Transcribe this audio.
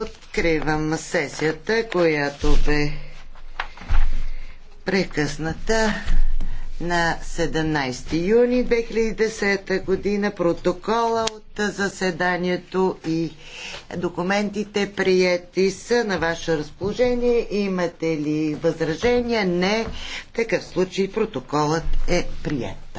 Откривам сесията, която бе прекъсната на 17 юни 2010 година. Протокола от заседанието и документите приети са на ваше разположение. Имате ли възражения? Не. В такъв случай протоколът е прият.